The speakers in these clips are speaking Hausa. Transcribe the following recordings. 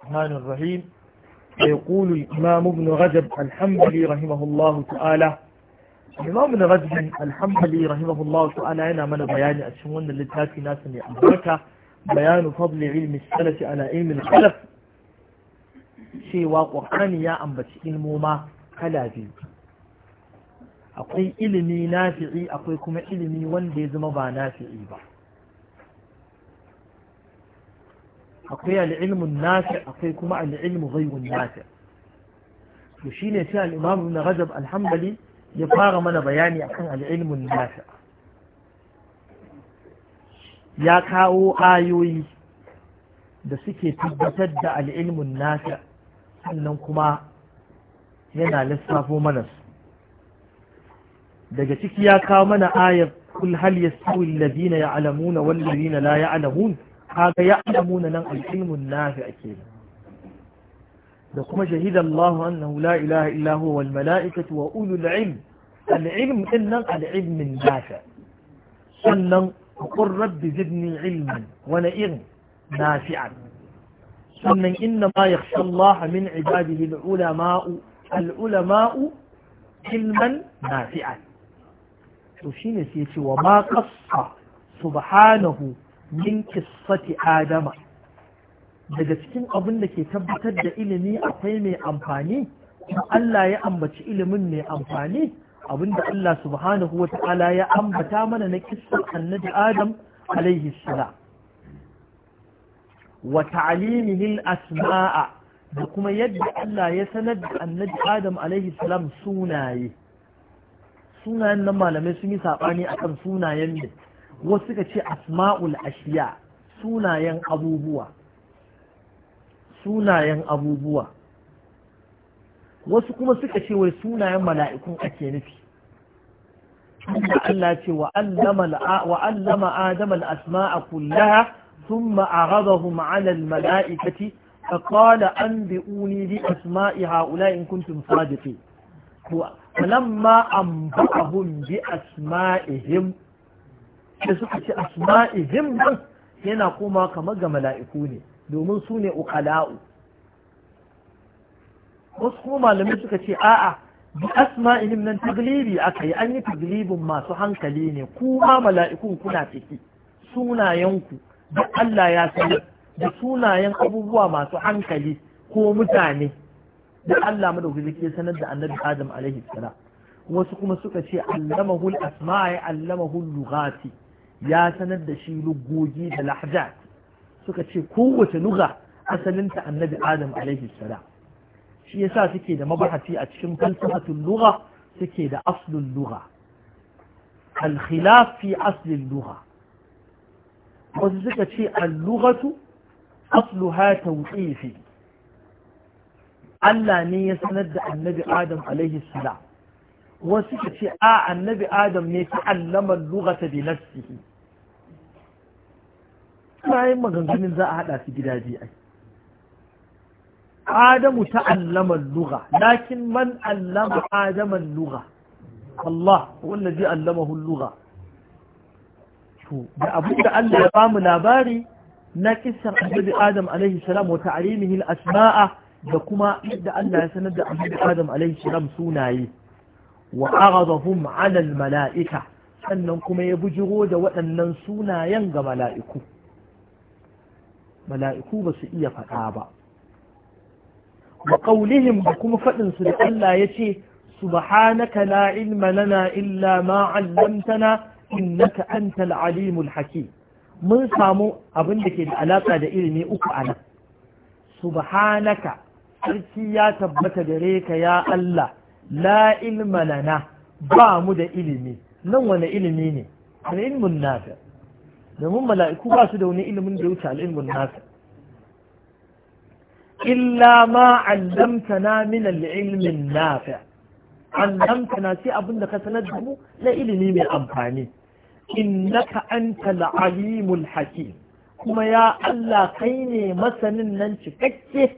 الرحمن الرحيم يقول الإمام ابن رجب الحنبلي رحمه الله تعالى الإمام ابن رجب الحنبلي رحمه الله تعالى أنا من بيان أشمون للتاتي ناس يعبرك بيان فضل علم السلف على علم الخلف شيء وقرآن يا أنبت علم ما كلا بي أقول علمي نافعي أقول كما علمي وان دي زمبا نافعي بقى akwai al'ilmun nafi akwai kuma al'ilmu ghairun to shine sai al na rajab alhambali ya fara mana bayani akan al'ilmun nafi ya kawo ayoyi da suke tabbatar da al'ilmun nafi sannan kuma yana lissafo mana su daga ciki ya kawo mana ayar kul hal yastawi alladhina ya'lamuna wal ladina la ya'lamun kaga ya alamuna nan al'ilmun nafi ake da kuma shahida Allah annahu la ilaha illa huwa mala'ikatu wa ulu la'im al ilm nan al nafi sannan qur rabbi zidni ilman wa na'in nafi'an sannan inna ma yakhsha Allah min ibadihi al ulama'u al ilman nafi'an to shine sai ce wa ma qassa subhanahu min kisati adama daga cikin abin da ke tabbatar da ilimi akwai mai amfani kuma Allah ya ambaci ilimin mai amfani da Allah subhanahu wa ta'ala ya ambata mana na kissar annabi Adam alaihi salam wa ta'alimihi asmaa da kuma yadda Allah ya sanar da annabi Adam alaihi salam sunaye sunayen nan malamai sun yi saɓani akan sunayen ne wasu suka ce asma'ul ashiya sunayen abubuwa sunayen abubuwa wasu kuma suka ce wai sunayen mala'ikun ake nufi Allah ce wa allama adama Asma'a kullaha sun ma'ararrahu ma'anar mala'ikati a kala an bi'uni bi asma'i ha'ula in kuntum sadiqi falamma an ba'ahun bi asma'ihim da suka ce asma'ihim nan yana koma kamar ga mala'iku ne domin su ne uqala'u wasu kuma malamai suka ce a'a bi asma'ihim nan taglibi aka yi an yi taglibin masu hankali ne kuma mala'ikun kuna ciki sunayenku da Allah ya sani da sunayen abubuwa masu hankali ko mutane da Allah madaukaki ke sanar da annabi Adam alaihi salam wasu kuma suka ce allamahu al-asma'i allamahu lughati ya sanar da shi lugogi da lahjat suka ce kowace luga asalinta annabi adam alaihi salam shi yasa suke da mabahati a cikin falsafatul lugha suke da aslul lugha al khilaf fi aslil lugha wasu suka ce al lughatu asluha tawqifi Allah ne ya sanar da annabi adam alaihi salam wasu suka ce a annabi adam ne ta allama al lughata bi nafsihi bayan maganganun za a haɗa su gida biyu adamu ta ta'allama lugha lakin man allama adama lugha Allah wallazi allamahu lugha to da abin da Allah ya bamu labari na kissar annabi Adam alaihi salam wata ta'limihi asmaa da kuma yadda Allah ya sanar da annabi Adam alaihi salam sunaye wa aghadahum 'ala al-mala'ika sannan kuma ya bujiro da waɗannan sunayen ga mala'iku mala'iku ba su iya faɗa ba wa qaulihim kuma faɗin su da Allah ya ce subhanaka la ilma lana illa ma 'allamtana innaka antal alimul haki mun samu abin da ke da da ilimi uku anan subhanaka sarki ya tabbata gare ka ya Allah la ilma lana ba mu da ilimi nan wani ilimi ne al nafi' domin mala'iku ba su da wani ilimin da wuce al'ilmin nasa illa ma na min al'ilmin nafi na sai abin da ka sanar da mu na ilimi mai amfani innaka anta al'alimul hakim kuma ya Allah kai ne masanin nan cikakke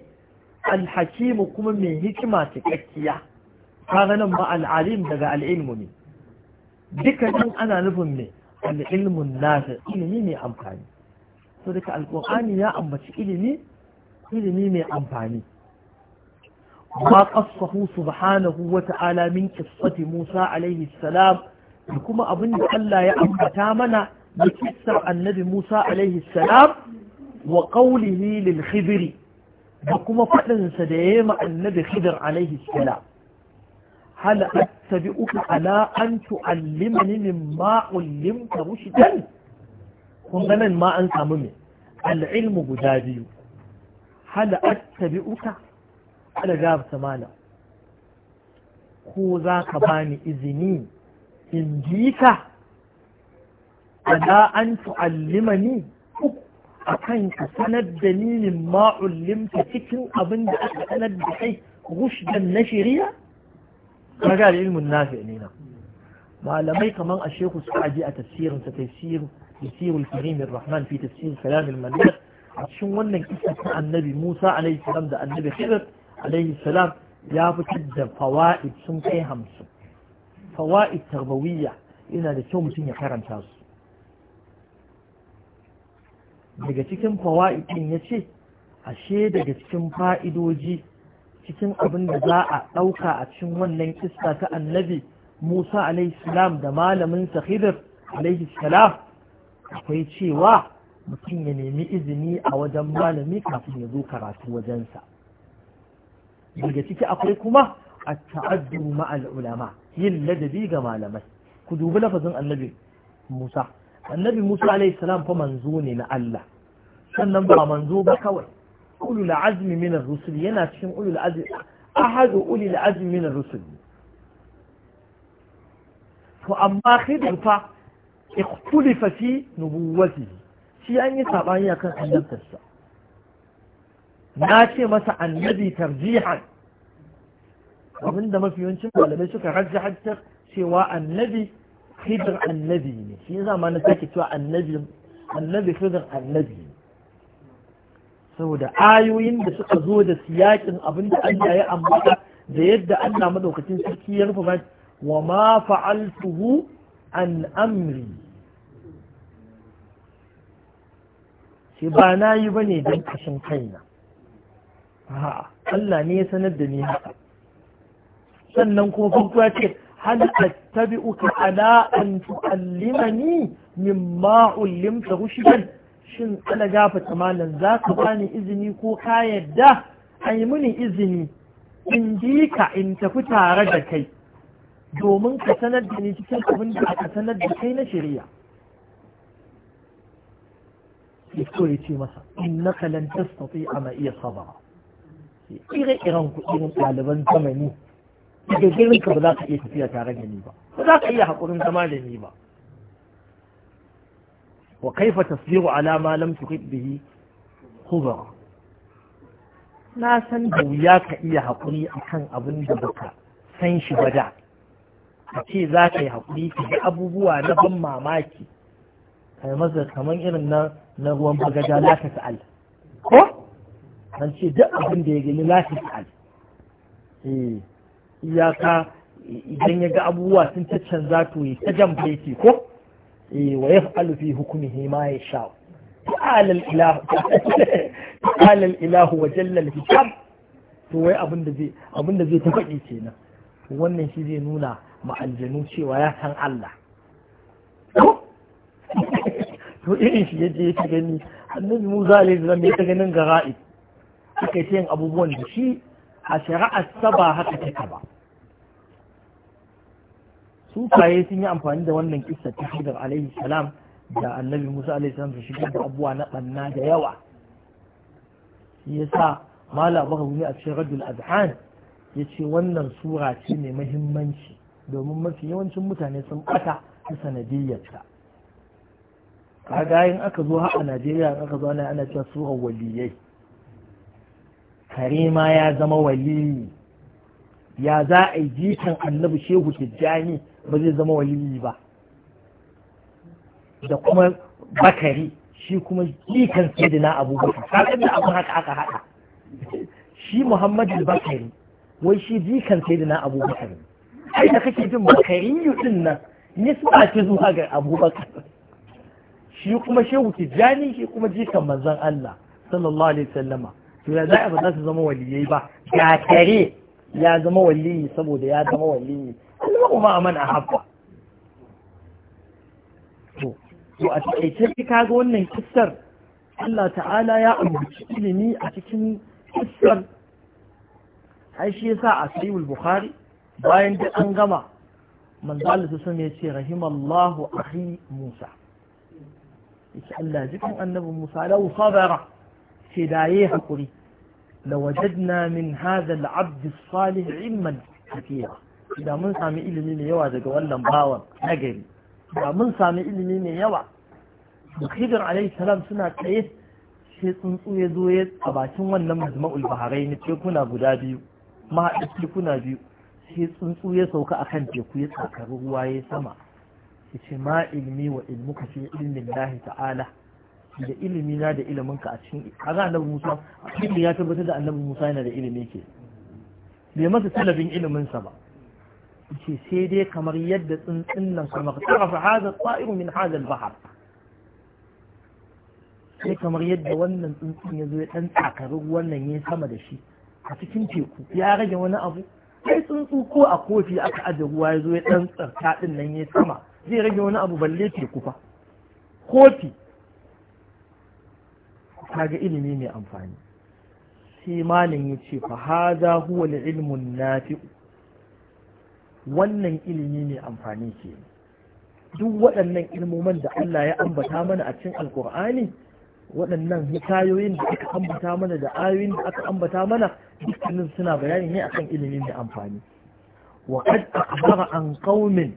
alhakimu kuma mai hikima cikakkiya kaga nan ba al'alim daga al'ilmu ne dukkanin ana nufin ne al'ilmun nafi ilimi mai amfani so daga alƙur'ani ya ambaci ilimi ilimi mai amfani Ba qassahu subhanahu wa ta'ala min qissati Musa alaihi salam da kuma abin da Allah ya ambata mana da kissar annabi Musa alaihi salam wa qawlihi lil khidri da kuma faɗinsa da yayi ma annabi khidr alaihi salam hal attabi'uka ala an tu'allimani mimma ullimta rushdan kun ga nan ma an samu me al guda biyu hal attabi'uka ala gab samala ko za ka bani izini in ji ka ala an akan ka sanar da ni mimma cikin abin da aka sanar da kai rushdan na shari'a kaga ilmin nafi ne na malamai kamar a shehu aji a tafsirin sa tafsirin tafsirul karim rahman fi tafsir kalam al-malik a cikin wannan kisa ta annabi Musa alaihi salam da annabi Khidir alaihi salam ya fitar da fawaid sun kai hamsin fawaid tarbawiyya yana da kyau mutum ya karanta su daga cikin fawaid din yace ashe daga cikin fa'idoji cikin abin da za a ɗauka a cikin wannan kista ta annabi musa alaihissalam da malamin sahidir alaihissalam akwai cewa mutum ya nemi izini a wajen malami kafin ya zo karatu wajensa daga ciki akwai kuma a ta'addu ma'al ulama yin ladabi ga malamai ku dubi lafazin annabi musa annabi musa alaihissalam fa manzo ne na allah sannan ba manzo ba kawai أولو العزم من الرسل يناتشهم أولو العزم أحد أولي العزم من الرسل فأما خير الفا اختلف في نبوته في أن يتعبان يكن أن يمتسع ناتي مسا أن يدي ترجيحا ومن في ينشم ولا بيشوك رجع حجتك سوى النبي خضر النبي في زمان تكتوى النبي النبي خضر النبي saboda ayoyin da suka zo da siyakin abin da Allah ya ambata da yadda Allah madaukakin sarki ya rufe baki wa ma fa'altuhu an amri sai ba na yi ba ne don kashin kaina ha Allah ne ya sanar da ni haka sannan kuma farko ya ce hal attabi'uka ala an tu'allimani mimma ullimta rushdan shin ana gafata malam za ka bani izini ko ka yadda a yi mini izini in ji ka in tafi tare da kai domin ka sanar da ni cikin abin da aka sanar da kai na shirya ya ya ce masa in na kalan tastati a mai iya sabara ire iren kuɗin ɗaliban zamani daga ka ba za ka iya tafiya tare da ni ba ba za ka iya haƙurin zama da ni ba wa kaifa tasbiru ala ma lam tuhit bihi na san da wuya ka iya haƙuri akan abin da baka san shi ba da a ce za ka yi haƙuri ka yi abubuwa na ban mamaki kai masa kamar irin na na ruwan bagaja la ta ta'al ko an ce duk abin da ya gani la ta ta'al eh, iyaka idan ya ga abubuwa sun ta canza to ya ta jan baiti ko wa yaf'alu fi hukmihi ma yasha ta'ala al-ilahu ta'ala al-ilahu wa jalla hikam to wai abin da zai ta faɗi kenan to wannan shi zai nuna ma aljanu cewa ya san Allah to irin shi yaje ya ta gani annabi Musa alaihi salam ya ta ganin gara'i aka yi yin abubuwan da shi a ta ba haka take ba Sukaye sun yi amfani da wannan kissa ta hudar alaihi salam da annabi musa alaihi salam su shigar da abuwa na banna da yawa shi sa mala baka gumi a cikin radul azhan ya ce wannan sura ce mai mahimmanci domin mafi yawancin mutane sun ɓata ta sanadiyyarta kaga aka zo a najeriya aka zo ana cewa surar waliyai kare ma ya zama waliyi ya za a yi jikan annabi shehu tijjani ba zai zama waliyi ba da kuma bakari shi kuma jikan sayyidina abubakar kaga da abun haka aka hada shi muhammadu bakari wai shi jikan sayyidina abubakar ai da kake jin bakari din nan su ake zuwa ga abubakar shi kuma shehu tijjani shi kuma jikan manzon Allah sallallahu alaihi wasallama to ya za a ba za su zama waliyai ba ga tare ya zama waliyi saboda ya zama waliyi Allahu ma man ahabba to to a takaice ka ga wannan kissar Allah ta'ala ya ambaci ilimi a cikin kissar ai shi yasa a sahihul bukhari bayan da an gama manzo Allah sun ya ce rahimallahu akhi Musa yace Allah jikin annabi Musa lahu sabara ce da yayi hakuri لوجدنا من هذا العبد الصالح علما كثيرا اذا من سامي ilimi mai yawa daga wannan bawon nagari da mun sami ilimi ne yawa da khidir alayhi salam suna tsaye sai tsuntsu ya zo a bakin wannan majma'ul baharai ne ce kuna guda biyu ma haɗe kuna biyu sai tsuntsu ya sauka akan teku ya tsakar ruwa ya sama ya ce ma ilimi wa ilmu ka ce ilmin lahi ta'ala da ilimi na da ilimin ka a cikin kaga annabi Musa cikin ya tabbatar da annabi Musa yana da ilimi ke bai masa talabin ilimin sa ba ce sai dai kamar yadda tsuntsun nan kamar tarafa hada tsa'iru min hada bahar sai kamar yadda wannan tsuntsun ya zo ya dan tsakari wannan ya sama da shi a cikin teku ya rage wani abu sai tsuntsu ko a kofi aka aje ruwa ya zo ya dan tsarta din nan ya sama zai rage wani abu balle teku fa kofi kaga ilimi mai amfani sai malam ya ce fa haza huwa ilmun nafi wannan ilimi mai amfani ke duk waɗannan ilmomin da Allah ya ambata mana a cikin alkur'ani waɗannan hikayoyin da aka ambata mana da ayoyin da aka ambata mana dukkanin suna bayani ne akan ilimi mai amfani wa qad akhbara an qaumin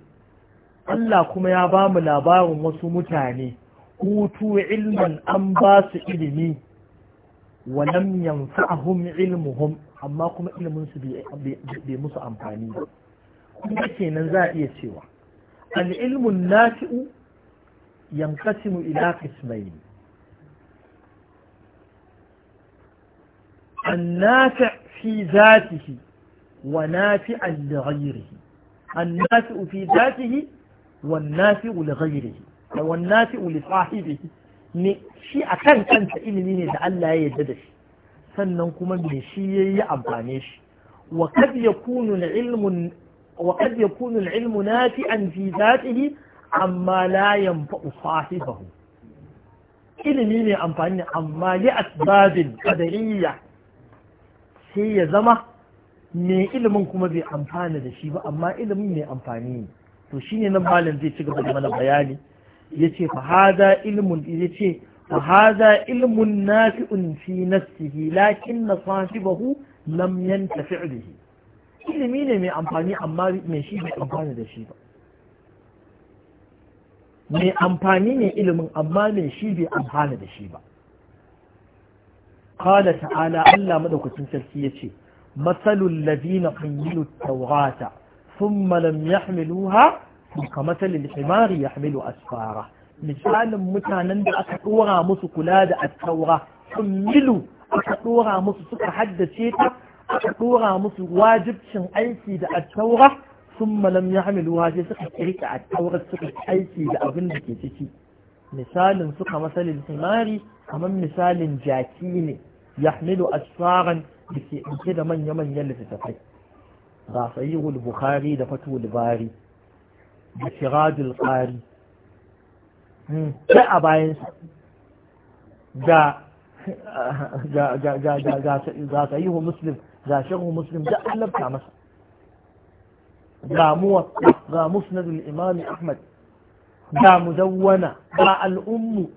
Allah kuma ya ba mu labarin wasu mutane utu ilman an ba su ilimi walam yanfa'ahum ilmuhum amma kuma ilimin su bai musu amfani ba kuma kenan za a iya cewa al ilmun nafi'u yanqasimu ila qismayn النافع في ذاته ونافعا لغيره النافع في ذاته والنافع لغيره wan nafi'u li sahibihi ne shi akan kanta ilimi ne da Allah ya yarda da shi sannan kuma me shi yayi amfane shi wa kad yakunu ilmun wa kad fi an nafi'an fi zatihi amma la yanfa'u sahibahu ilimi ne amfani amma li asbabin kadariya sai ya zama me ilimin kuma bai amfana da shi ba amma ilimin mai amfani ne to shine nan malam zai ci gaba da mana bayani yace fa hada ilmun yace fa hada ilmun nafi'un fi nafsihi lakin sahibahu lam yantafi bihi ilimi ne mai amfani amma mai shi bai amfani da shi ba mai amfani ne ilimin amma mai shi bai amfana da shi ba قال تعالى ألا مدوكتين سلسية مثل الذين حملوا التوراة ثم لم يحملوها kamasalin himari ya hamilu asfara misalin mutanen da aka ɗora musu kula da attaura sun milu aka ɗora musu suka haddace ta aka ɗora musu wajibcin aiki da attaura sun malam ya hamilu sai suka kirka attaura suka aiki da abin da ke ciki misalin suka masalin himari kamar misalin jaki ne ya hamilu asfaran da ke da manya-manyan littattafai ga sayi bukhari da fatul da siradul ƙari sai a bayansa da ga sayihu muslim ga shahu muslim da allabta masa ga muwatta ga musnadul imami ahmad ga mudawwana ga al'ummu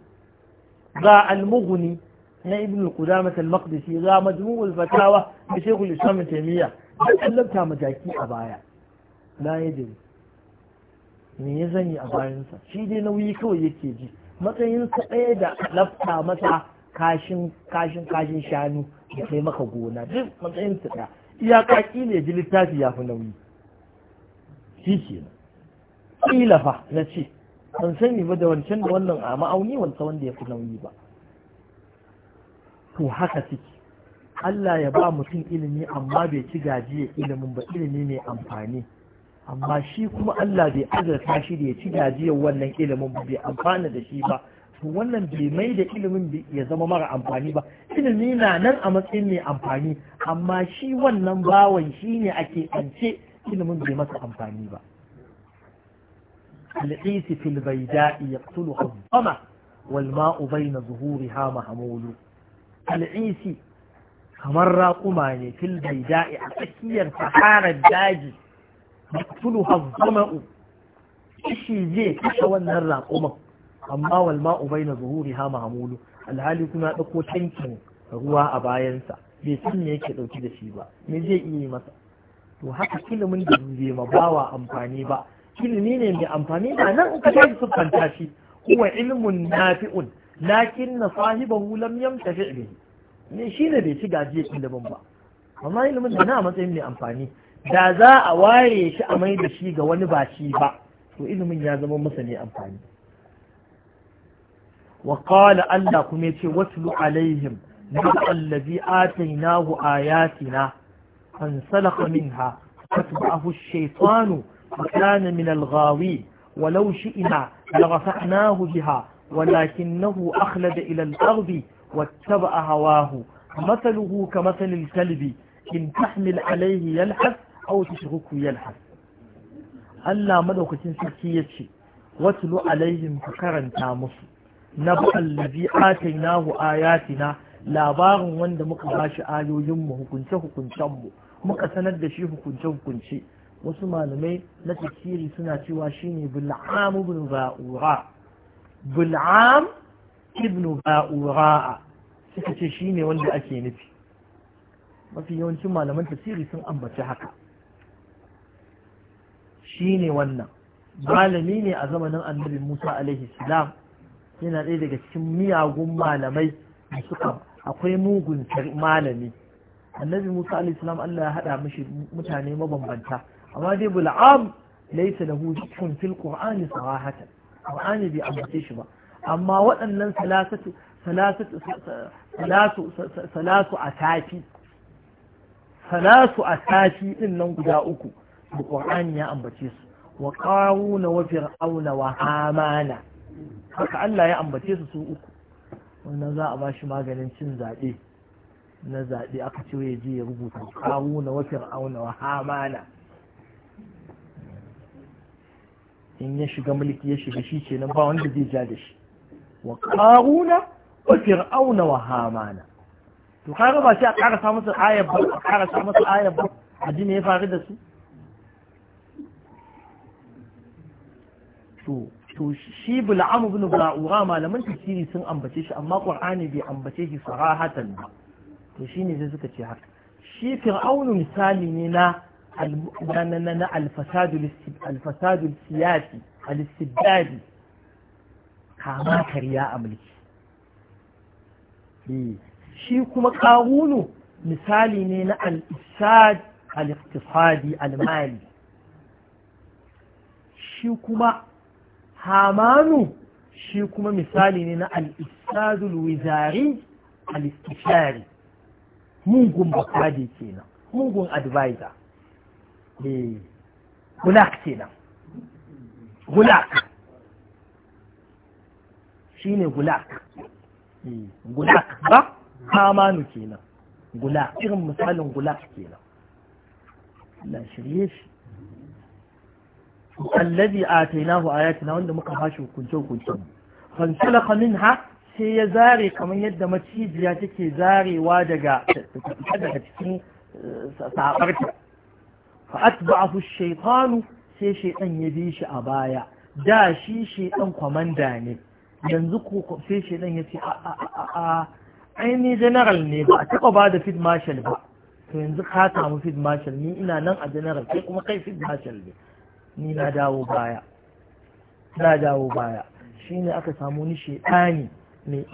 ga al-mughni na ibn qudamah al-maqdisi ga majmu'ul fatawa da shaykhul islam taymiya da allabta majaki a baya la yadri me ya zanyi a bayansa shi dai nauyi kawai yake ji matsayinsa ɗaya da lafta masa kashin kashin kashin shanu ya kai maka gona duk matsayinsa ɗaya iyaka kila ya ji littafi ya fi nauyi shi ke kila fa na ce ban sani ba da wancan da wannan a ma'auni wancan wanda ya fi nauyi ba to haka suke Allah ya ba mutum ilimi amma bai ci gajiya ilimin ba ilimi mai amfani amma shi kuma Allah bai azurta shi da ya ci gajiyar wannan ilimin ba bai amfana da shi ba to wannan bai mai da ilimin ya zama mara amfani ba ilimi na nan a matsayin mai amfani amma shi wannan bawan shi ne ake tsance ilimin bai masa amfani ba al'isi fil baida'i yaqtulu habbama wal ma'u bayna zuhuriha mahmulu al'isi kamar raƙuma ne fil baida'i a tsakiyar saharar daji maktulu hazzama'u kishi zai kashe wannan raƙuman amma wal ma'u na zuhuri ha mahamulu alhali kuma ɗauko tankin ruwa a bayansa bai san me yake ɗauki da shi ba me zai iya yi masa to haka ilimin da bai ma bawa amfani ba ilimi ne mai amfani ba nan in ka tashi siffanta shi huwa ilmun nafi'un lakin na sahibahu lam yamtafi bihi ne shine bai ci gajiyar ilimin ba amma ilimin da na matsayin mai amfani da za a ware shi a mai da shi ga wani ba shi ba to ilimin ya zama masa ne amfani wa qala Allah kuma yace watlu alaihim nabal allazi atainahu ayatina an salaka minha fatba'ahu ash-shaytanu فكان من الغاوي ولو شئنا لرفعناه بها ولكنه أخلد إلى الأرض واتبع هواه مثله كمثل الكلب إن تحمل عليه يلحث shi tushriku yalha Allah madaukakin sarki yace watlu alaihim ka karanta musu nabu allazi atainahu ayatina labarin wanda muka bashi shi ayoyinmu hukunce muka sanar da shi hukunce hukunce wasu malamai na tafsiri suna cewa shine bul'am ibn ba'ura bul'am ibn ba'ura suka ce shine wanda ake nufi mafi yawancin malaman tafsiri sun ambaci haka shine wannan malami ne a zamanin annabi Musa alaihi salam yana ɗaya daga cikin miyagun malamai da suka akwai mugun malami annabi Musa alaihi salam Allah ya haɗa mishi mutane mabambanta amma dai bul'am laysa lahu dhikrun fil qur'ani sarahatan qur'ani bai ambace shi ba amma waɗannan salasatu salasatu salasu salasu atafi salasu atafi din nan guda uku القرآن يا أم بتيس وقارون وفرعون وهامان haka Allah ya ambace su su uku wannan za a ba shi maganin cin zabe. na zabe aka ce ya je ya rubuta kawo na wa fir'auna wa hamana in ya shiga mulki ya shiga shi ce nan ba wanda zai ja da shi wa karuna wa fir'auna wa hamana to kaga ba sai a karasa musu ayar ba a karasa musu ayar ba a ya faru da su to shi bul'amu bin ba'ura malaman tafsiri sun ambace shi amma qur'ani bai ambace shi sarahatan ba to shine sai suka ce haka shi fir'aunu misali ne na al-nanana al-fasad na alfasadul siyasi al-istibdadi kama kariya a mulki shi kuma kawunu misali ne na al-ifsad al-iqtisadi al-mali shi kuma hamanu shi kuma misali ne na al'isadul wizari al'istishari mungun bakade kenan mungun advisor eh, gulak kenan gulak shi ne gulak eh, gulak ba hamanu kenan gulak irin misalin gulak kenan Allah shirye shi allazi atainahu ayatina wanda muka bashi hukunce hukunce fansalaka minha sai ya zare kamar yadda macijiya take zarewa daga daga cikin sabarta fa atba'ahu shaytanu sai shaytan ya bi shi a baya da shi shaytan kwamanda ne yanzu ko sai shaytan ya ce a a a ni general ne ba a taba ba da field marshal ba to yanzu ka samu field marshal ni ina nan a general kai kuma kai field marshal ne ni na dawo baya na dawo baya shine aka samu ni ne mai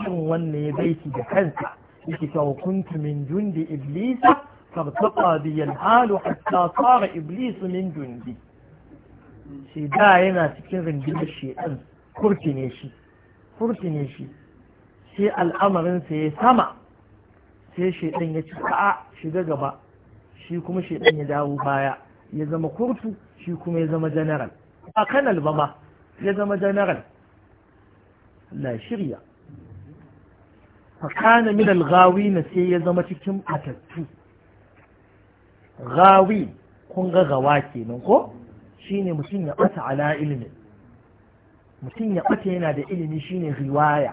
irin wannan ya baiki da kansa yake cewa kuntu min jundi iblisa فارتقى بي الحال حتى صار iblis min جندي shi da yana cikin rundunar shedan kurtine shi kurtine shi sai al'amarinsa ya sama sai shedan ya ci a shiga gaba shi kuma shedan ya dawo baya ya zama kurtu shi kuma ya zama janaral. ba kan albama ya zama janaral? la shirya fakana min gawi na sai ya zama cikin atattu gawi kun ga gawa kenan ko shine mutum ya bata ala ilimi mutum ya bata yana da ilimi shine riwaya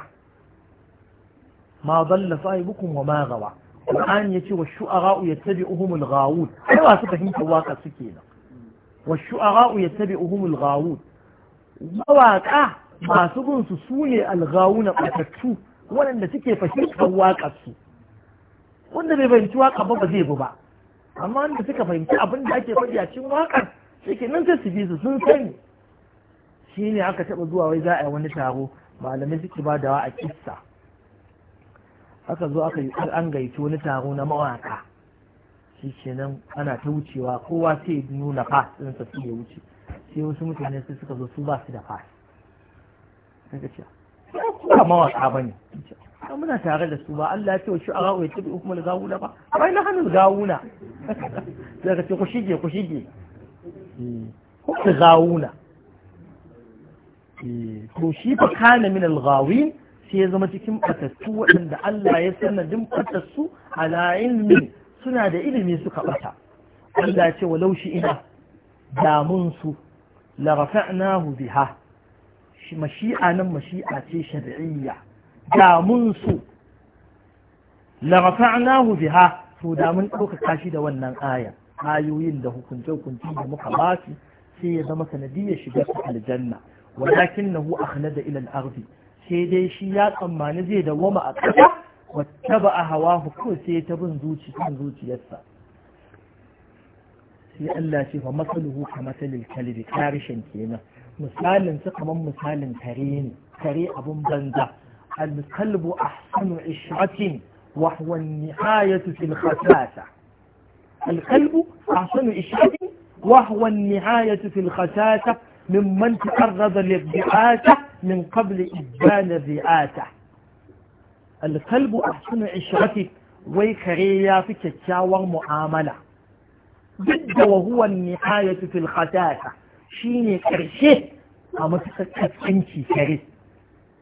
ma dalla sahibukum wa ma gawa Qur'ani yace wa shu'ara'u yattabi'uhumul ghawun ai wasu fahimtar waka suke nan wa shu'ara'u yattabi'uhumul ghawun mawaƙa masu bin su sune al-ghawuna batattu waɗanda suke fahimtar waka su wanda bai fahimci waka ba ba zai bi ba amma wanda suka fahimci abin da ake faɗi a cikin wakar shi ke nan sai su bi su sun sani shi ne aka taɓa zuwa wai za a yi wani taro malamai suke ba da wa a kissa aka zo aka yi an gaici wani taro na mawaka shi kenan ana ta wucewa kowa sai nuna fas ɗin sa ya wuce sai wasu mutane sai suka zo su ba su da fas daga ce ba mawaka ba ne an muna tare da su ba Allah ya ce wa shu'ara wa kuma hukumul gawuna ba bai na hannun gawuna daga ce ku shige ku shige eh, ku gawuna Ko eh, shi fa kana min al-ghawin sai ya zama cikin batattu waɗanda Allah ya sanadin batattu a ilmin suna da ilimi suka bata Allah ce wa laushi ina damun su la rafa'nahu biha mashi'a nan mashi'a ce shari'iyya damun su la rafa'nahu biha to da mun ɗaukaka shi da wannan aya ayoyin da hukunce hukunci da muka ba sai ya zama sanadiyar shiga aljanna walakin nahu akhlada ila al-ardi sai dai shi ya tsammani zai dawwama a ƙasa wata ba a hawa ko sai ta bin zuciyarsa sai Allah ce fa masaluhu ka masalil kalbi karishin kenan misalin su kamar misalin kare ne kare abun banza al-kalbu ahsanu ishratin wa huwa an-nihayatu fil khasasa al-kalbu ahsanu ishratin wa huwa an-nihayatu fil khasasa ممن تعرض للرئاسة من قبل إبان الرئاسة الكلب أحسن عشرتك ويكريا في كتشاور معاملة ضد وهو النهاية في الخساسة شيني كرشه أما تكتشنشي كريه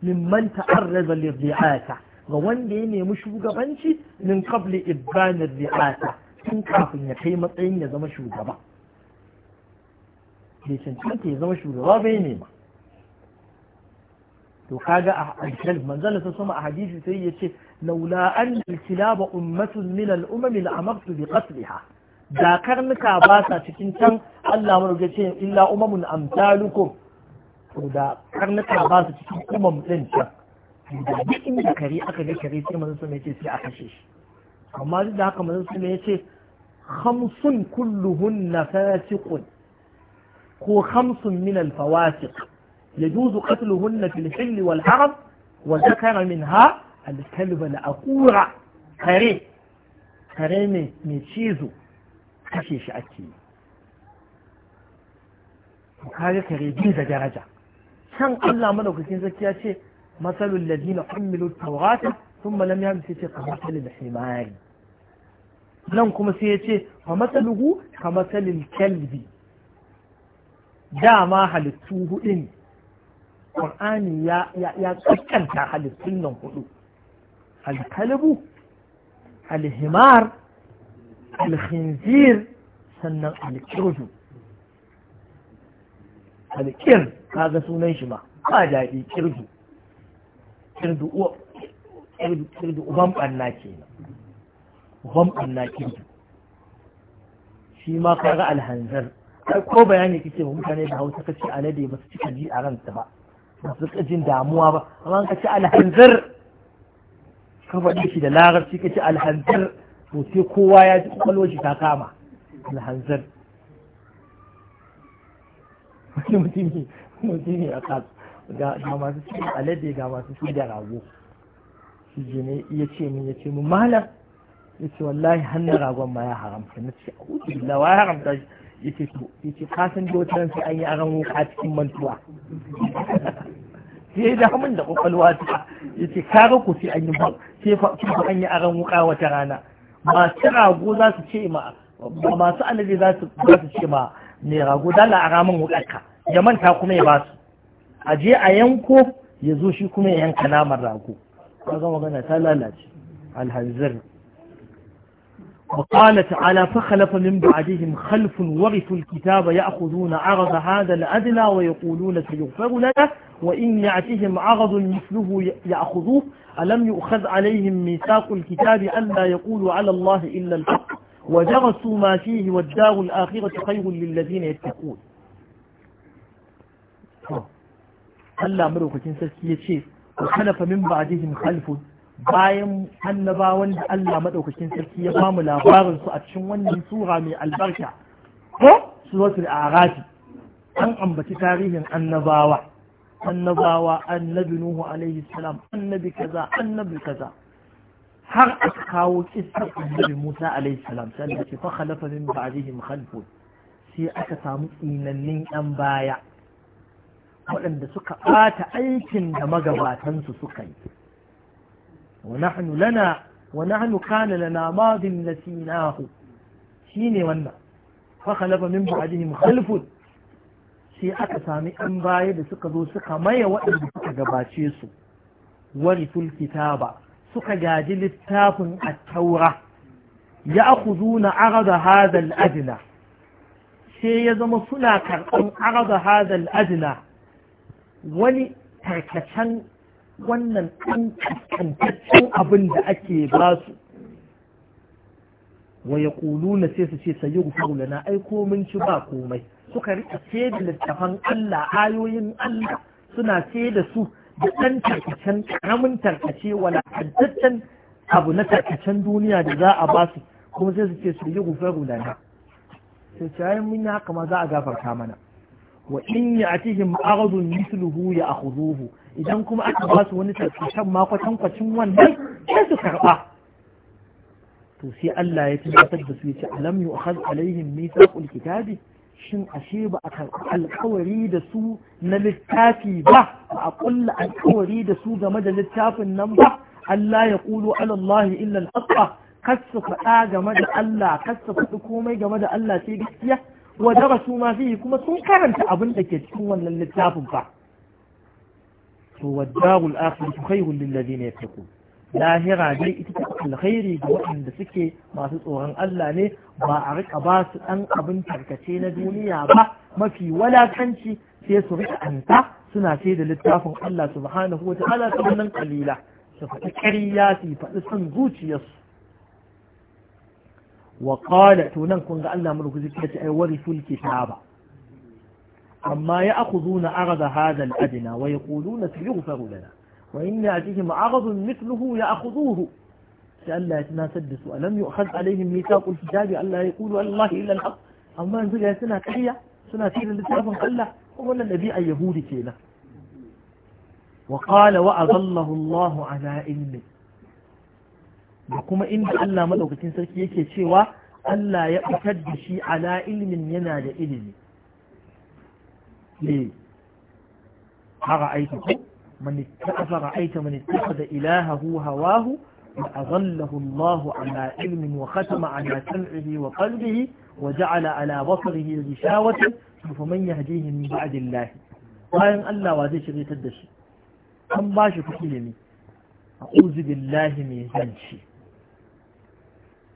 ممن تعرض للرئاسة وان ديني مشوق بنشي من قبل إبان الرئاسة تنكافن يقيمة إن يزم شوق بنشي bai cancanta ya zama shugaba bai nema to kaga a hadisi Manzala sa sama a hadisi sai yace laula an Ummatu, ummatun min al umam la amartu bi qatliha da karnuka ba sa cikin can Allah mu ga ce illa umamun amsalukum to da karnuka ba sa cikin umam din can da duk inda kare aka ga kare sai manzon sama ce sai a kashe shi amma duk da haka manzon ya ce khamsun kulluhunna fasiqun ko khamsun min al-fawasiq yajuzu qatluhunna fil hill wal haram wa zakara minha al-kalb al-aqura kare mai cizo kashe shi ake yi kare kare bi da daraja Shan Allah madaukakin zaki ya ce masalul ladina hummilu tawrata thumma lam yamsu ce kamasalil himari nan kuma sai ya ce fa masaluhu kamasalil kalbi dama halittu hudu ne ƙur'ani ya tsakanta halittun nan hudu alkalibu alhimar alhinzir sannan Alkirju. alkir kaga sunan shi ma ba daɗi kirju uban ɓanna ke uban ɓanna kirju shi ma kaga alhanzar ko bayani kike ba mutane da hausa kace alade ba su cika ji a ransa ba ba su jin damuwa ba amma kace alhanzar ka faɗi shi da larabci kace alhanzar to sai kowa ya ji kwallo shi ta kama alhanzar wani mutumi mutumi a kasu ga masu ci alade ga masu ci da rago shi ne ya ce min ya ce min malam ya ce wallahi hannun ragon ma ya haramta na ce a hutu billah wa ya haramta shi yace to yace ka san da wata sai an yi aron wuka cikin mantuwa sai da hamun da kwakwalwa ta yace ka ga ku sai an yi sai an yi aron wuka wata rana masu rago za su ce ma masu alade za su ce ma mai rago dala a ramin ka ya manta kuma ya basu a je a yanko ya zo shi kuma ya yanka naman rago Ka ga magana ta lalace alhanzir وقال تعالى فخلف من بعدهم خلف ورثوا الكتاب يأخذون عرض هذا الأدنى ويقولون سيغفر لنا وإن يعتهم عرض مثله يأخذوه ألم يؤخذ عليهم ميثاق الكتاب ألا يقولوا على الله إلا الحق ودرسوا ما فيه والدار الآخرة خير للذين يتقون هلا مروك تنسى السيئة وخلف من بعدهم خلف bayan annabawan da Allah maɗaukakin sarki ya bamu labarin su a cikin wannan sura mai albarka ko suratul arafi an ambaci tarihin annabawa annabawa annabi nuhu alaihi salam annabi kaza annabi kaza har aka kawo kissar annabi musa alaihi salam sai da ce fa khalafa min ba'dihim khalfun sai aka samu tsinannin yan baya waɗanda suka ɓata aikin da magabatansu suka yi ونحن لنا ونحن كان لنا ماض نسيناه شين ونا فخلف من بعدهم خلف شي أكا سامي أنباية بسكذو سكا مية وإن بسكا قباشيسو ورث الكتابة سكا جاجي للتاف التورة يأخذون عرض هذا الأدنى شيء يزم سناكر أن عرض هذا الأدنى ولي تركشن wannan ɗan kantaccen abin da ake ba su wa ya na sai su ce sayi rufu lana ai komin ci ba komai suka rika ce da littafan Allah ayoyin Allah suna ce da su da ɗan tarkacen ƙaramin tarkace wala kantaccen abu na tarkacen duniya da za a ba su kuma sai su ce su yi rufu lana sai ce ayin mun yi haka ma za a gafarta mana wa in yi cikin atihim aghadun mithluhu ya huzuhu idan kuma aka ba su wani tarkacen ma kwacin wannan sai su karɓa to sai Allah ya tabbatar da su ya ce alam yu'khaz alaihim mithaqul kitabi shin ashe ba a karɓi alkawari da su na littafi ba ba a ƙulla alkawari da su game da littafin nan ba Allah ya ƙulu alallahi illa alhaqqa kas faɗa game da Allah Kasu faɗi komai game da Allah sai gaskiya wa darasu ma fihi kuma sun karanta abin da ke cikin wannan littafin ba. to waddarul akhiratu khairul lil ladina yattaqun lahira dai ita ta alkhairi ga waɗanda suke masu tsoron Allah ne ba a rika ba su ɗan abin tarkace na duniya ba mafi walakanci sai su rika anta suna sai da littafin Allah subhanahu wa ta'ala ta wannan kalila su faɗi ƙarya su faɗi son zuciyarsu wa qala to nan kun ga Allah mulku zai ce ai warithul kitaba أما يأخذون عرض هذا الأدنى ويقولون سيغفر لنا وإن يأتيهم عرض مثله يأخذوه سأل لئلا يتناسدسوا ألم يؤخذ عليهم ميثاق الكتاب ألا يقولوا الله إلا الحق أما ينزل يا سنة كحية سنة كيلة لتعرفهم الله ولا النبي يهودي كيلة وقال وأظله الله على علمه da إن ألا ملوك maɗaukacin كيكي شوى ألا Allah شيء على علم ينال ala eh أرأيت من أفرأيت من اتخذ إلهه هواه وأظله الله على wa وختم على سمعه وقلبه وجعل على بصره غشاوة فمن يهديه من بعد الله bayan Allah wa zai shirya da shi an ba shi kuɗi ne a uzu Lahi mai zanci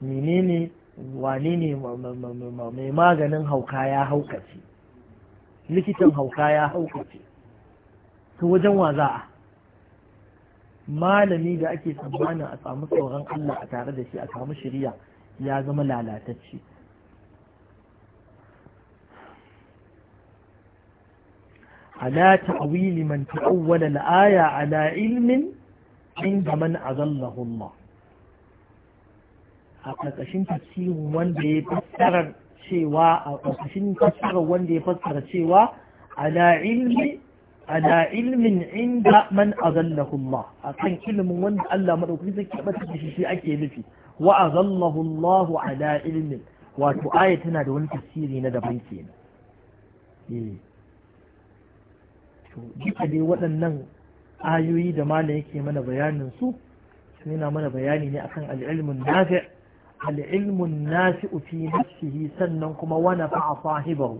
menene wane ne mai maganin hauka ya haukace likitan hauka ya haukace ta wajen wa za a malami da ake tsammanin a samu tsoron Allah a tare da shi a samu shirya ya zama lalatacce ala ta'wili man ta'awwala al-aya ala ilmin inda man azallahu Allah a ƙarƙashin tafsirin wanda ya tsarar. cewa a ofishin fassara wanda ya fassara cewa ala ilmin inda man azallahu Allah akan ilimin wanda Allah madaukaki zai kebata da shi ake nufi wa azallahu Allah ala ilmin wato aya tana da wani tafsiri na daban kenan eh to duka dai waɗannan ayoyi da malam yake mana bayanin su yana mana bayani ne akan al nafi' العلم النافع في نفسه سننكم ونفع صاحبه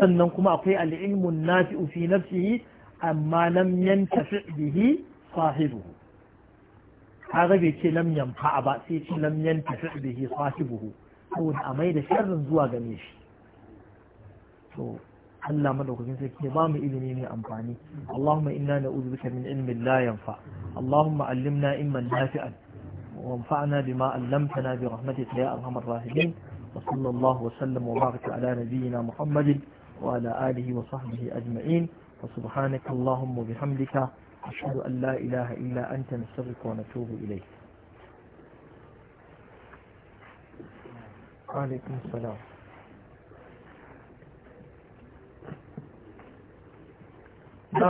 سننكم أقوي العلم النافع في نفسه أما لم ينتفع به صاحبه هذا بيكي لم ينفع بأسيكي لم ينتفع به صاحبه أو أميد شر زوا جميش Allah madaukakin sarki ya bamu ilimi mai amfani Allahumma inna na'udhu bika min ilmin la yanfa Allahumma allimna ilman nafi'an وانفعنا بما علمتنا برحمتك يا أرحم الراحمين وصلى الله وسلم وبارك على نبينا محمد وعلى آله وصحبه أجمعين وسبحانك اللهم وبحمدك أشهد أن لا إله إلا أنت نستغفرك ونتوب إليك وعليكم السلام